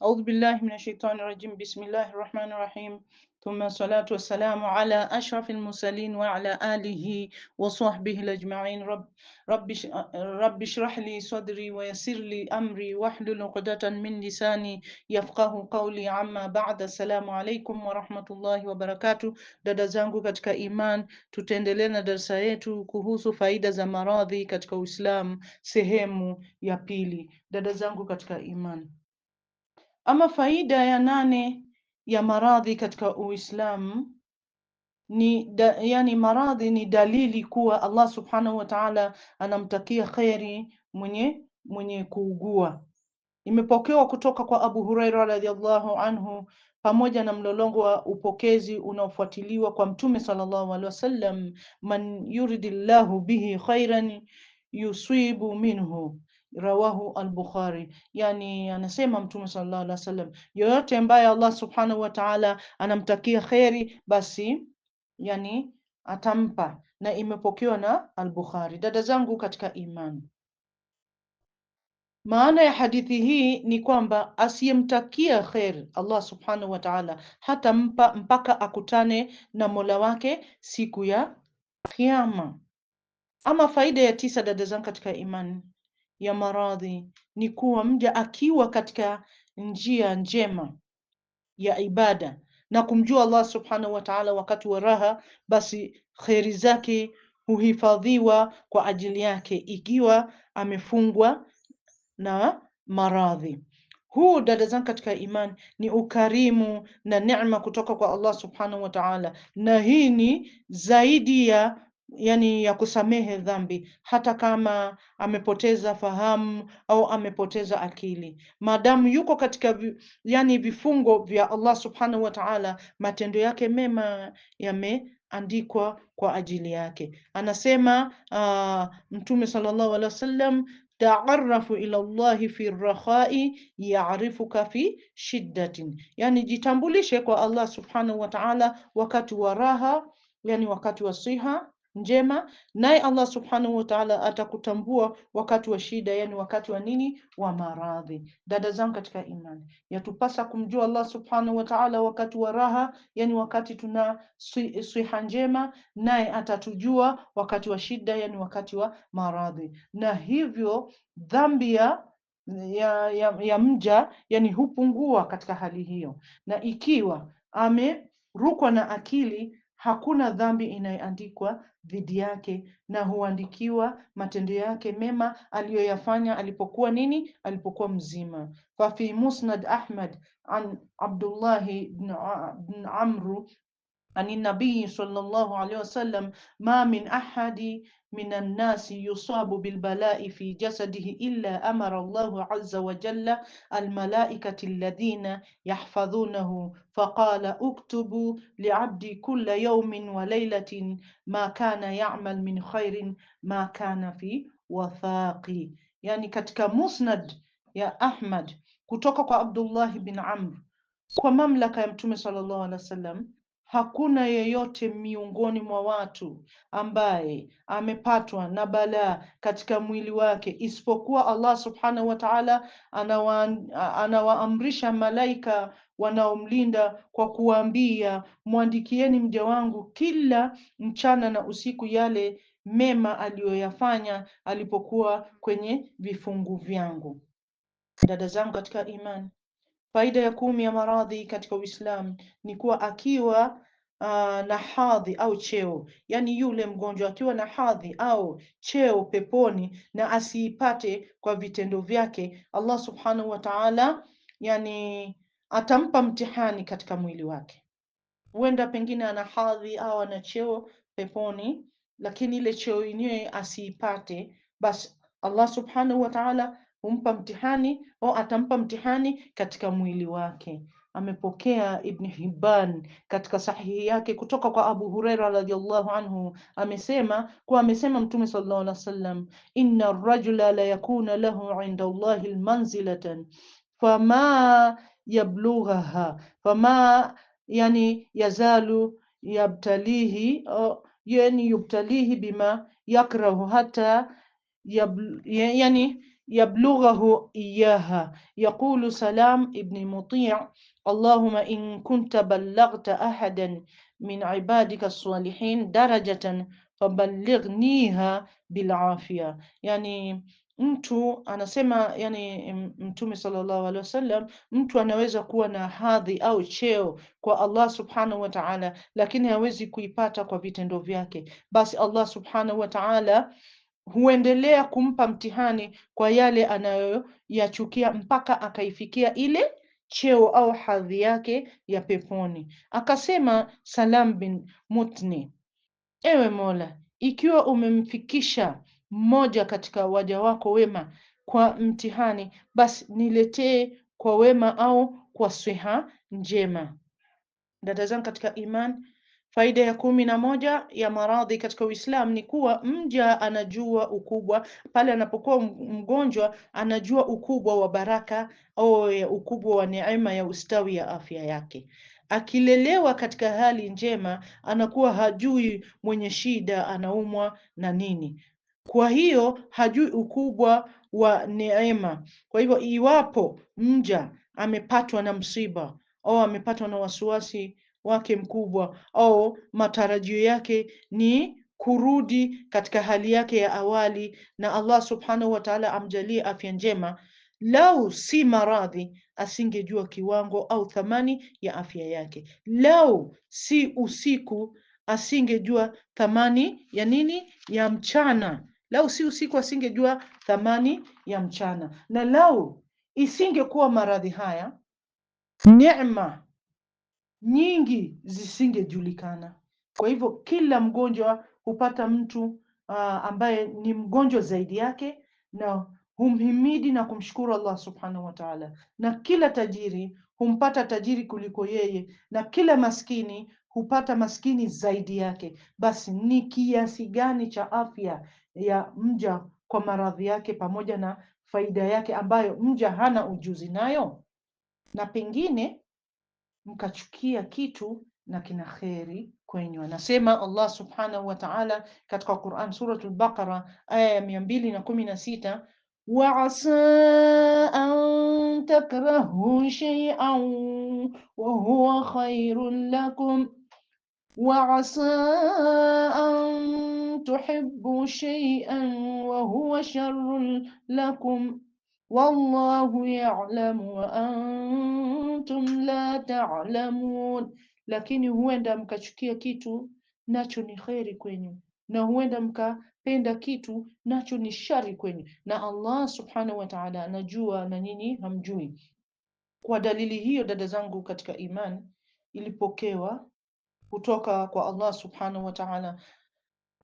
Audhu billahi minashaitani rajim. Bismillahi rahmani rahim. Thumma salatu wassalamu ala ashrafil mursalin wa ala alihi wa sahbihi ajmain. Rabbi shrah li sadri wa yassir li amri wahlul uqdatan min lisani yafqahu qawli. Amma ba'da, assalamu alaikum wa rahmatullahi wa barakatuh. Dada zangu katika iman, tutaendelea na darsa yetu kuhusu faida za maradhi katika Uislamu, sehemu ya pili. Dada zangu katika iman ama faida ya nane ya maradhi katika Uislamu ni da, yani maradhi ni dalili kuwa Allah subhanahu wa ta'ala anamtakia kheri mwenye mwenye kuugua. Imepokewa kutoka kwa Abu Huraira radhiallahu anhu pamoja na mlolongo wa upokezi unaofuatiliwa kwa Mtume sallallahu alaihi wasallam, man yuridillahu bihi khairan yusibu minhu rawahu al-Bukhari. Yani anasema Mtume sallallahu alaihi wasallam, yoyote ambaye Allah subhanahu wa ta'ala anamtakia kheri, basi yani atampa, na imepokewa na al-Bukhari. Dada zangu katika imani, maana ya hadithi hii ni kwamba asiyemtakia khair Allah subhanahu wa ta'ala hatampa mpaka akutane na Mola wake siku ya Kiyama. Ama faida ya tisa, dada zangu katika imani ya maradhi ni kuwa mja akiwa katika njia njema ya ibada na kumjua Allah subhanahu wa ta'ala wakati wa raha, basi kheri zake huhifadhiwa kwa ajili yake ikiwa amefungwa na maradhi. Huu dada zangu katika imani ni ukarimu na neema kutoka kwa Allah subhanahu wa ta'ala, na hii ni zaidi ya yani ya kusamehe dhambi, hata kama amepoteza fahamu au amepoteza akili, maadamu yuko katika yani vifungo vya Allah subhanahu wa ta'ala, matendo yake mema yameandikwa kwa ajili yake. Anasema uh, Mtume sallallahu alaihi wasallam taarafu ila llahi fi rakhai yarifuka fi shiddatin, yani jitambulishe kwa Allah subhanahu wa ta'ala wakati wa raha, yani wakati wa siha njema, naye Allah subhanahu wa ta'ala atakutambua wakati wa shida, yani wakati wa nini, wa maradhi. Dada zangu katika imani, yatupasa kumjua Allah subhanahu wa ta'ala wakati wa raha, yani wakati tuna siha njema, naye atatujua wakati wa shida, yani wakati wa maradhi, na hivyo dhambi ya ya, ya, ya mja yani hupungua katika hali hiyo, na ikiwa amerukwa na akili hakuna dhambi inayoandikwa dhidi yake, na huandikiwa matendo yake mema aliyoyafanya alipokuwa nini, alipokuwa mzima. Fa fi musnad Ahmad an Abdullahi bin Amru عن النبي صلى الله عليه وسلم ما من أحد من الناس يصاب بالبلاء في جسده إلا أمر الله عز وجل الملائكة الذين يحفظونه فقال اكتبوا لعبدي كل يوم وليلة ما كان يعمل من خير ما كان في وثاقي يعني كتك مسند يا أحمد kutoka عبد الله بن عمرو kwa mamlaka ya Mtume sallallahu وسلم Hakuna yeyote miongoni mwa watu ambaye amepatwa na balaa katika mwili wake isipokuwa Allah subhanahu wa ta'ala anawa, anawaamrisha malaika wanaomlinda kwa kuwaambia, mwandikieni mja wangu kila mchana na usiku yale mema aliyoyafanya alipokuwa kwenye vifungu vyangu. Dada zangu katika imani Faida ya kumi ya maradhi katika Uislamu ni kuwa akiwa uh, na hadhi au cheo, yaani yule mgonjwa akiwa na hadhi au cheo peponi na asiipate kwa vitendo vyake, Allah subhanahu wa ta'ala yani atampa mtihani katika mwili wake. Huenda pengine ana hadhi au ana cheo peponi, lakini ile cheo yenyewe asiipate, basi Allah subhanahu wa ta'ala humpa mtihani au atampa mtihani katika mwili wake. Amepokea Ibn Hibban katika sahihi yake kutoka kwa Abu Huraira radhiallahu anhu, amesema kuwa amesema Mtume sallallahu alaihi wasallam, inna rajula la yakuna lahu inda Allahi manzilatan fama yablughaha fama yani yazalu yabtalihi yani yubtalihi bima yakrahu hata yab, yani يبلغه iyaha يقول Salam ابن Muti' اللهم in kunta بلغت أحدا min عبادك الصالحين salihin فبلغنيها faballighniha يعني mtu anasema, yani Mtume sallallahu alaihi wasallam, mtu anaweza kuwa na hadhi au cheo kwa Allah subhanahu wa ta'ala, lakini hawezi kuipata kwa vitendo vyake. Basi Allah subhanahu wa ta'ala huendelea kumpa mtihani kwa yale anayoyachukia mpaka akaifikia ile cheo au hadhi yake ya peponi. Akasema Salam bin Mutni, ewe Mola, ikiwa umemfikisha mmoja katika waja wako wema kwa mtihani, basi niletee kwa wema au kwa siha njema. Dada zangu katika iman Faida ya kumi na moja ya maradhi katika Uislamu ni kuwa mja anajua ukubwa, pale anapokuwa mgonjwa anajua ukubwa wa baraka au ukubwa wa neema ya ustawi ya afya yake. Akilelewa katika hali njema, anakuwa hajui mwenye shida anaumwa na nini, kwa hiyo hajui ukubwa wa neema. Kwa hivyo, iwapo mja amepatwa na msiba au amepatwa na wasiwasi wake mkubwa au matarajio yake ni kurudi katika hali yake ya awali, na Allah subhanahu wa ta'ala amjalie afya njema. Lau si maradhi, asingejua kiwango au thamani ya afya yake. Lau si usiku, asingejua thamani ya nini? Ya mchana. Lau si usiku, asingejua thamani ya mchana, na lau isingekuwa maradhi haya neema nyingi zisingejulikana. Kwa hivyo kila mgonjwa hupata mtu uh, ambaye ni mgonjwa zaidi yake na humhimidi na kumshukuru Allah subhanahu wa ta'ala, na kila tajiri humpata tajiri kuliko yeye, na kila maskini hupata maskini zaidi yake. Basi ni kiasi gani cha afya ya mja kwa maradhi yake pamoja na faida yake ambayo mja hana ujuzi nayo, na pengine mkachukia kitu na kina kheri kwenyu. Anasema Allah subhanahu wa ta'ala katika Quran Suratul Baqara aya ya mia mbili na kumi na sita wa asa an takrahu shay'an wa huwa khairun lakum wa asa an tuhibbu shay'an wa huwa sharrun lakum wallahu ya'lamu wa an kuntum la ta'lamun, lakini huenda mkachukia kitu nacho ni kheri kwenyu, na huenda mkapenda kitu nacho ni shari kwenyu, na Allah subhanahu wa ta'ala anajua na nyinyi hamjui. Kwa dalili hiyo, dada zangu katika iman, ilipokewa kutoka kwa Allah subhanahu wa ta'ala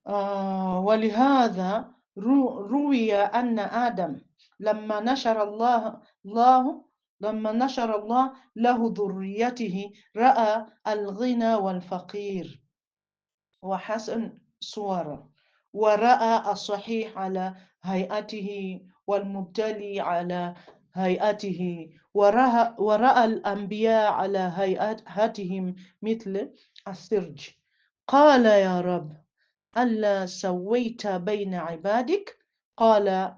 uh, walihadha ru, ruwiya anna Adam lamma nashara Allah, Allah لما نشر الله له ذريته رأى الغنى والفقير وحسن صوره ورأى الصحيح على هيئته والمبتلي على هيئته ورأى, ورأى الأنبياء على هيئتهم مثل السرج قال يا رب ألا سويت بين عبادك قال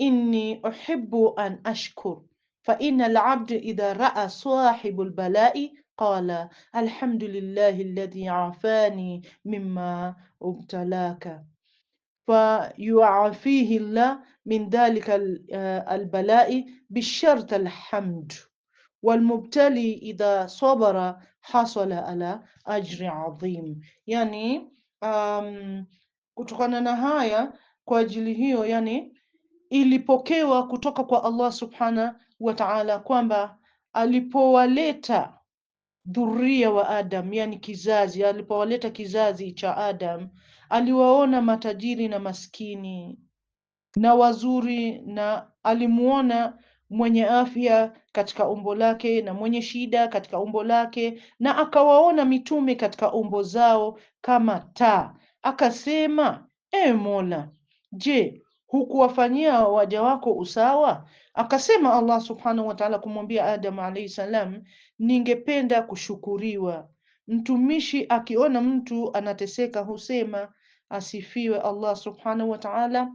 إني أحب أن أشكر فإن العبد إذا رأى صاحب البلاء قال الحمد لله الذي عافاني مما ابتلاك فيعافيه الله من ذلك آه، البلاء بشرط الحمد والمبتلي إذا صبر حصل على أجر عظيم يعني kutokana na haya kwa ajili hiyo yani ilipokewa kutoka kwa Allah wa taala kwamba alipowaleta dhuria wa Adam, yani kizazi, alipowaleta kizazi cha Adam aliwaona matajiri na maskini na wazuri, na alimuona mwenye afya katika umbo lake na mwenye shida katika umbo lake, na akawaona mitume katika umbo zao kama taa. Akasema, e Mola, je, hukuwafanyia waja wako usawa? Akasema Allah subhanahu wa ta'ala kumwambia Adam alayhi salam, ningependa kushukuriwa. Mtumishi akiona mtu anateseka husema asifiwe Allah subhanahu wa ta'ala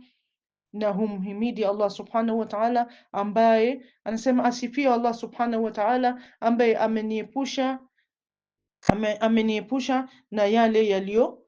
na humhimidi Allah subhanahu wa ta'ala, ambaye anasema asifiwe Allah subhanahu wa ta'ala ambaye ameniepusha ameniepusha na yale yaliyo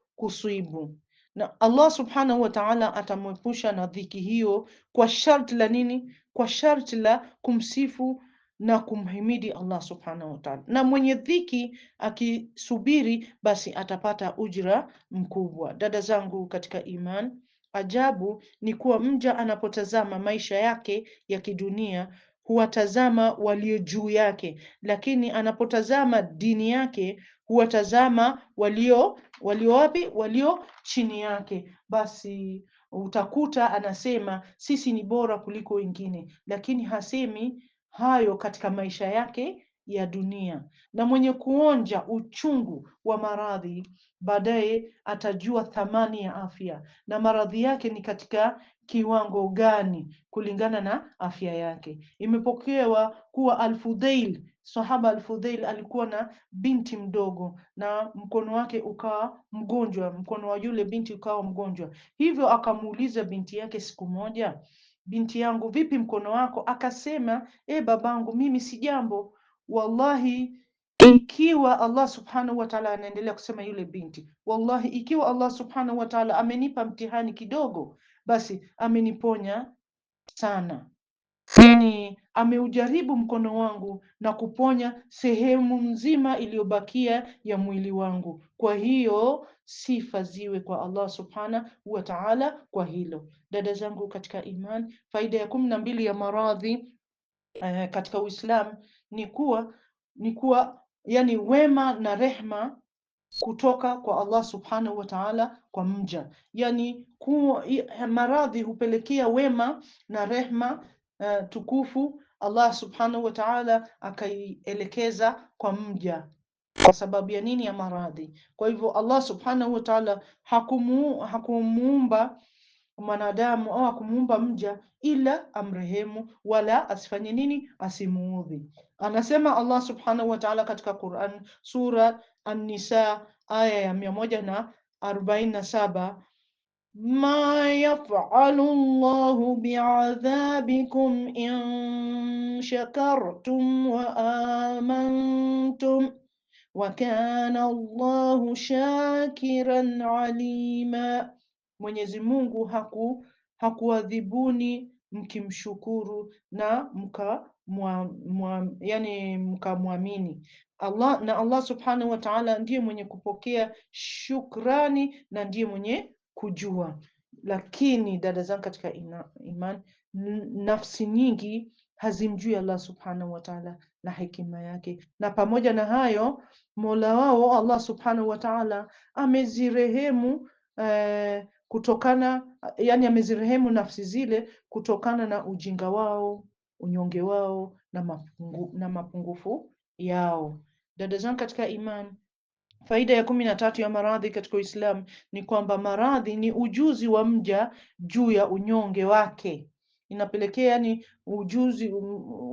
na Allah subhanahu wa ta'ala atamwepusha na dhiki hiyo kwa sharti la nini? Kwa sharti la kumsifu na kumhimidi Allah subhanahu wa ta'ala. Na mwenye dhiki akisubiri, basi atapata ujira mkubwa. Dada zangu katika iman, ajabu ni kuwa mja anapotazama maisha yake ya kidunia huwatazama walio juu yake, lakini anapotazama dini yake huwatazama walio walio wapi? Walio chini yake. Basi utakuta anasema sisi ni bora kuliko wengine, lakini hasemi hayo katika maisha yake ya dunia, na mwenye kuonja uchungu wa maradhi baadaye atajua thamani ya afya na maradhi yake ni katika kiwango gani kulingana na afya yake. Imepokewa kuwa Alfudhail, sahaba Alfudhail alikuwa na binti mdogo na mkono wake ukawa mgonjwa, mkono wa yule binti ukawa mgonjwa. Hivyo akamuuliza binti yake siku moja, binti yangu, vipi mkono wako? Akasema, e babangu, mimi si jambo wallahi ikiwa Allah subhanahu wa ta'ala anaendelea kusema yule binti, wallahi ikiwa Allah subhanahu wa ta'ala amenipa mtihani kidogo, basi ameniponya sana, yani ameujaribu mkono wangu na kuponya sehemu nzima iliyobakia ya mwili wangu. Kwa hiyo sifa ziwe kwa Allah subhanahu wa ta'ala kwa hilo. Dada zangu katika iman, faida ya kumi na mbili ya maradhi eh, katika Uislamu ni kuwa ni kuwa yani wema na rehma kutoka kwa Allah subhanahu wa ta'ala kwa mja, yani maradhi hupelekea wema na rehma uh, tukufu Allah subhanahu wa ta'ala akaielekeza kwa mja kwa sababu ya nini? Ya maradhi. Kwa hivyo Allah subhanahu wa ta'ala hakumu hakumuumba mwanadamu au hakumuumba mja ila amrehemu, wala asifanye nini, asimuudhi. Anasema Allah subhanahu wa ta'ala katika Quran sura An-Nisa aya ya mia moja na arobaini na saba ma yafalu llahu biadhabikum in shakartum wa amantum wa kana llahu shakiran alima, Mwenyezi Mungu haku hakuadhibuni mkimshukuru na mka mwa, mwa, yani mkamwamini Allah na Allah subhanahu wa ta'ala ndiye mwenye kupokea shukrani na ndiye mwenye kujua. Lakini dada zangu katika ina, iman, nafsi nyingi hazimjui Allah subhanahu wa ta'ala na hekima yake, na pamoja na hayo mola wao Allah subhanahu wa ta'ala amezirehemu eh, kutokana yani amezirehemu nafsi zile kutokana na ujinga wao unyonge wao na, mapungu, na mapungufu yao. Dada zangu katika imani, faida ya kumi na tatu ya maradhi katika Uislamu ni kwamba maradhi ni ujuzi wa mja juu ya unyonge wake inapelekea yani ujuzi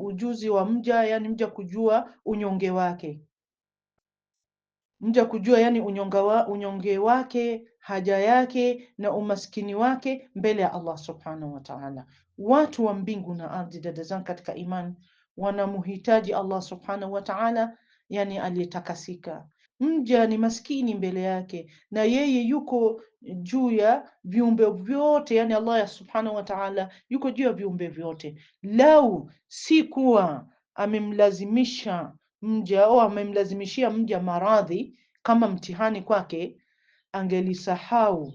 ujuzi wa mja yani mja kujua unyonge wake mja kujua yani unyonga wa, unyonge wake haja yake na umaskini wake mbele ya Allah subhanahu wa ta'ala. Watu wa mbingu na ardhi, dada zangu katika imani, wanamhitaji Allah subhanahu wa ta'ala, yani aliyetakasika. Mja ni maskini mbele yake, na yeye yuko juu ya viumbe vyote, yani Allah subhanahu wa ta'ala yuko juu ya viumbe vyote. Lau si kuwa amemlazimisha mja au amemlazimishia mja maradhi kama mtihani kwake angelisahau.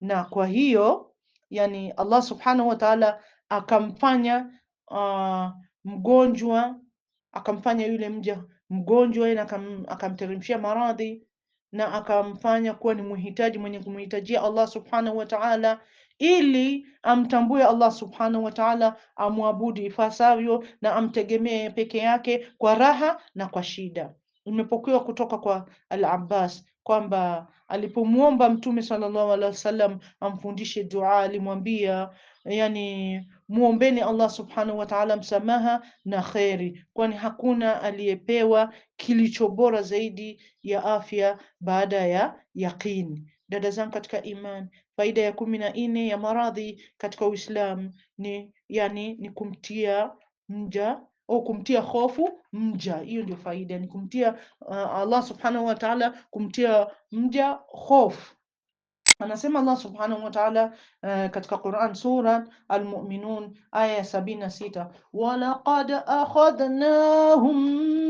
Na kwa hiyo yani Allah subhanahu wa ta'ala akamfanya uh, mgonjwa akamfanya yule mja mgonjwa na akam, akamteremshia maradhi na akamfanya kuwa ni muhitaji mwenye kumhitajia Allah subhanahu wa ta'ala ili amtambue Allah subhanahu wa ta'ala, amwabudu ifasavyo na amtegemee peke yake kwa raha na kwa shida. Imepokewa kutoka kwa Al-Abbas kwamba alipomwomba Mtume sallallahu alaihi wasallam amfundishe dua, alimwambia yani, muombeni Allah subhanahu wa ta'ala msamaha na kheri, kwani hakuna aliyepewa kilicho bora zaidi ya afya baada ya yaqini. Dada zangu katika iman, faida ya kumi na nne ya maradhi katika Uislamu ni yani, ni kumtia mja au kumtia hofu mja. Hiyo ndio faida ni kumtia uh, Allah subhanahu wa ta'ala, kumtia mja hofu. Anasema Allah subhanahu wa ta'ala uh, katika Quran sura Al-Mu'minun aya ya sabini na sita walaqad akhadnahum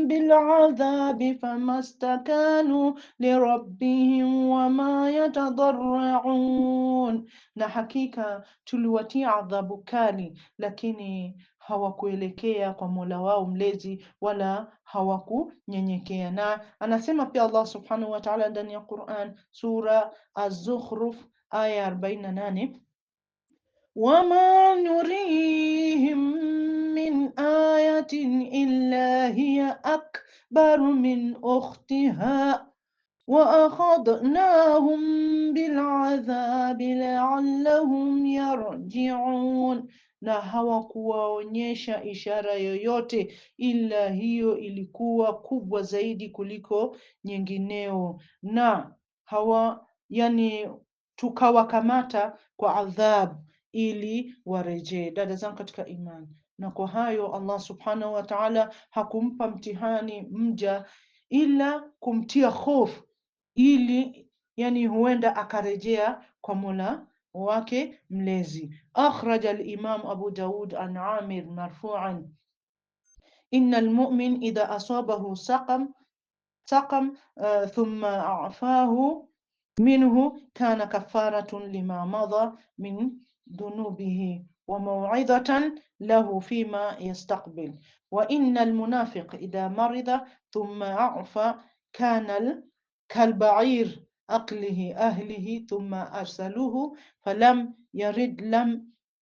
bil'adhabi famastakanu lirabbihim wama yatadarraun, na hakika tuliwatia adhabu kali lakini hawakuelekea kwa Mola wao mlezi wala hawakunyenyekea. Na anasema pia Allah subhanahu wa ta'ala ndani ya Quran sura Az-Zukhruf aya 48, wama nurihim min ayatin illa hiya akbaru min ukhtiha wa وأخذناهم بالعذاب la'allahum yarji'un na hawakuwaonyesha ishara yoyote, ila hiyo ilikuwa kubwa zaidi kuliko nyingineo, na hawa yani tukawakamata kwa adhab ili warejee. Dada zangu katika imani, na kwa hayo Allah subhanahu wa ta'ala hakumpa mtihani mja ila kumtia hofu, ili yani huenda akarejea kwa Mola واكي ملازي أخرج الإمام أبو داود عن عامر مرفوعا إن المؤمن إذا أصابه سقم سقم آه، ثم أعفاه منه كان كفارة لما مضى من ذنوبه وموعظة له فيما يستقبل وإن المنافق إذا مرض ثم أعفى كان كالبعير aqlihi ahlihi thumma arsaluhu falam yarid lam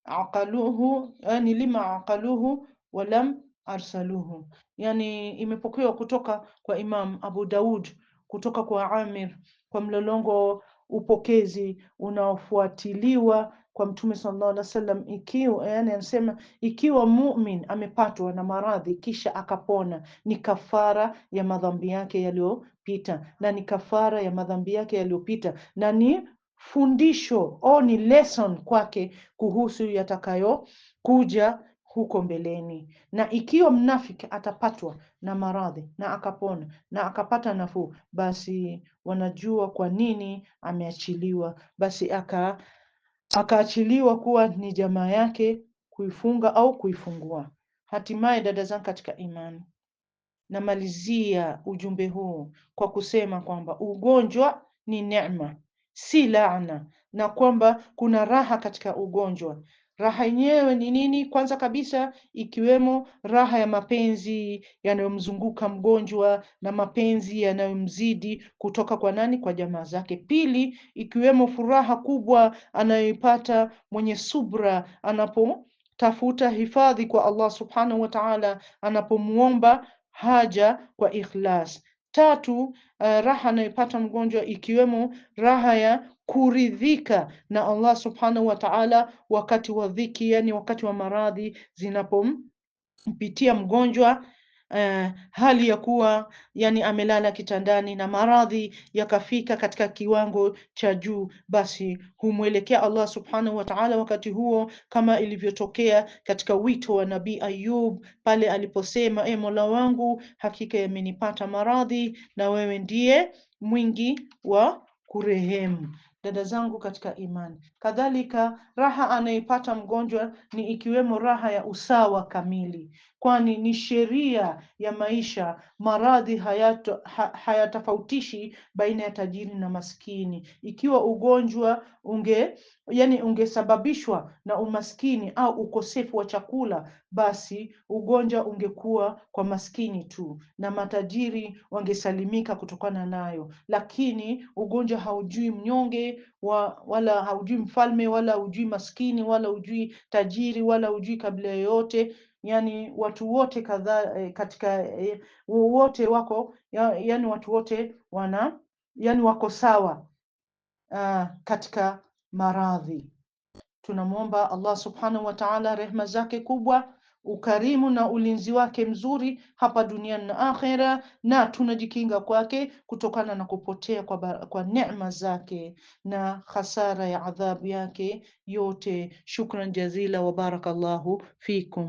aqaluhu, yani lima aqaluhu walam arsaluhu. Yani imepokewa kutoka kwa Imam Abu Daud kutoka kwa Amir kwa mlolongo upokezi unaofuatiliwa kwa Mtume sallallahu alaihi wasallam, ikiwa yani anasema ikiwa mumin amepatwa na maradhi kisha akapona, ni kafara ya madhambi yake yaliyopita, na ni kafara ya madhambi yake yaliyopita, na ni fundisho au ni lesson kwake kuhusu yatakayokuja huko mbeleni. Na ikiwa mnafiki atapatwa na maradhi na akapona na akapata nafuu, basi wanajua kwa nini ameachiliwa, basi aka akaachiliwa kuwa ni jamaa yake kuifunga au kuifungua. Hatimaye dada zangu katika imani, namalizia ujumbe huu kwa kusema kwamba ugonjwa ni neema, si laana, na kwamba kuna raha katika ugonjwa, Raha yenyewe ni nini? Kwanza kabisa, ikiwemo raha ya mapenzi yanayomzunguka mgonjwa na mapenzi yanayomzidi kutoka kwa nani? Kwa jamaa zake. Pili, ikiwemo furaha kubwa anayoipata mwenye subra anapotafuta hifadhi kwa Allah subhanahu wa ta'ala, anapomuomba haja kwa ikhlas. Tatu, uh, raha anayopata mgonjwa ikiwemo raha ya kuridhika na Allah subhanahu wa ta'ala wakati wa dhiki, yani wakati wa maradhi zinapompitia mgonjwa eh, hali ya kuwa yani amelala kitandani na maradhi yakafika katika kiwango cha juu, basi humwelekea Allah subhanahu wa ta'ala wakati huo, kama ilivyotokea katika wito wa Nabii Ayub pale aliposema, e Mola wangu, hakika yamenipata maradhi na wewe ndiye mwingi wa kurehemu. Dada zangu katika imani, kadhalika raha anayepata mgonjwa ni ikiwemo raha ya usawa kamili kwani ni sheria ya maisha. Maradhi hayato, ha, hayatafautishi baina ya tajiri na maskini. Ikiwa ugonjwa unge yani ungesababishwa na umaskini au ukosefu wa chakula, basi ugonjwa ungekuwa kwa maskini tu na matajiri wangesalimika kutokana nayo, lakini ugonjwa haujui mnyonge wa, wala haujui mfalme wala haujui maskini wala haujui tajiri wala haujui kabila yoyote yani watu wote kadhaa e, katika e, eh, wote wako ya, yani watu wote wana yani wako sawa uh, katika maradhi. Tunamwomba Allah subhanahu wa ta'ala rehma zake kubwa ukarimu na ulinzi wake mzuri hapa duniani na akhera, na tunajikinga kwake kutokana na kupotea kwa, kwa neema zake na hasara ya adhabu yake yote. Shukran jazila wa barakallahu fikum.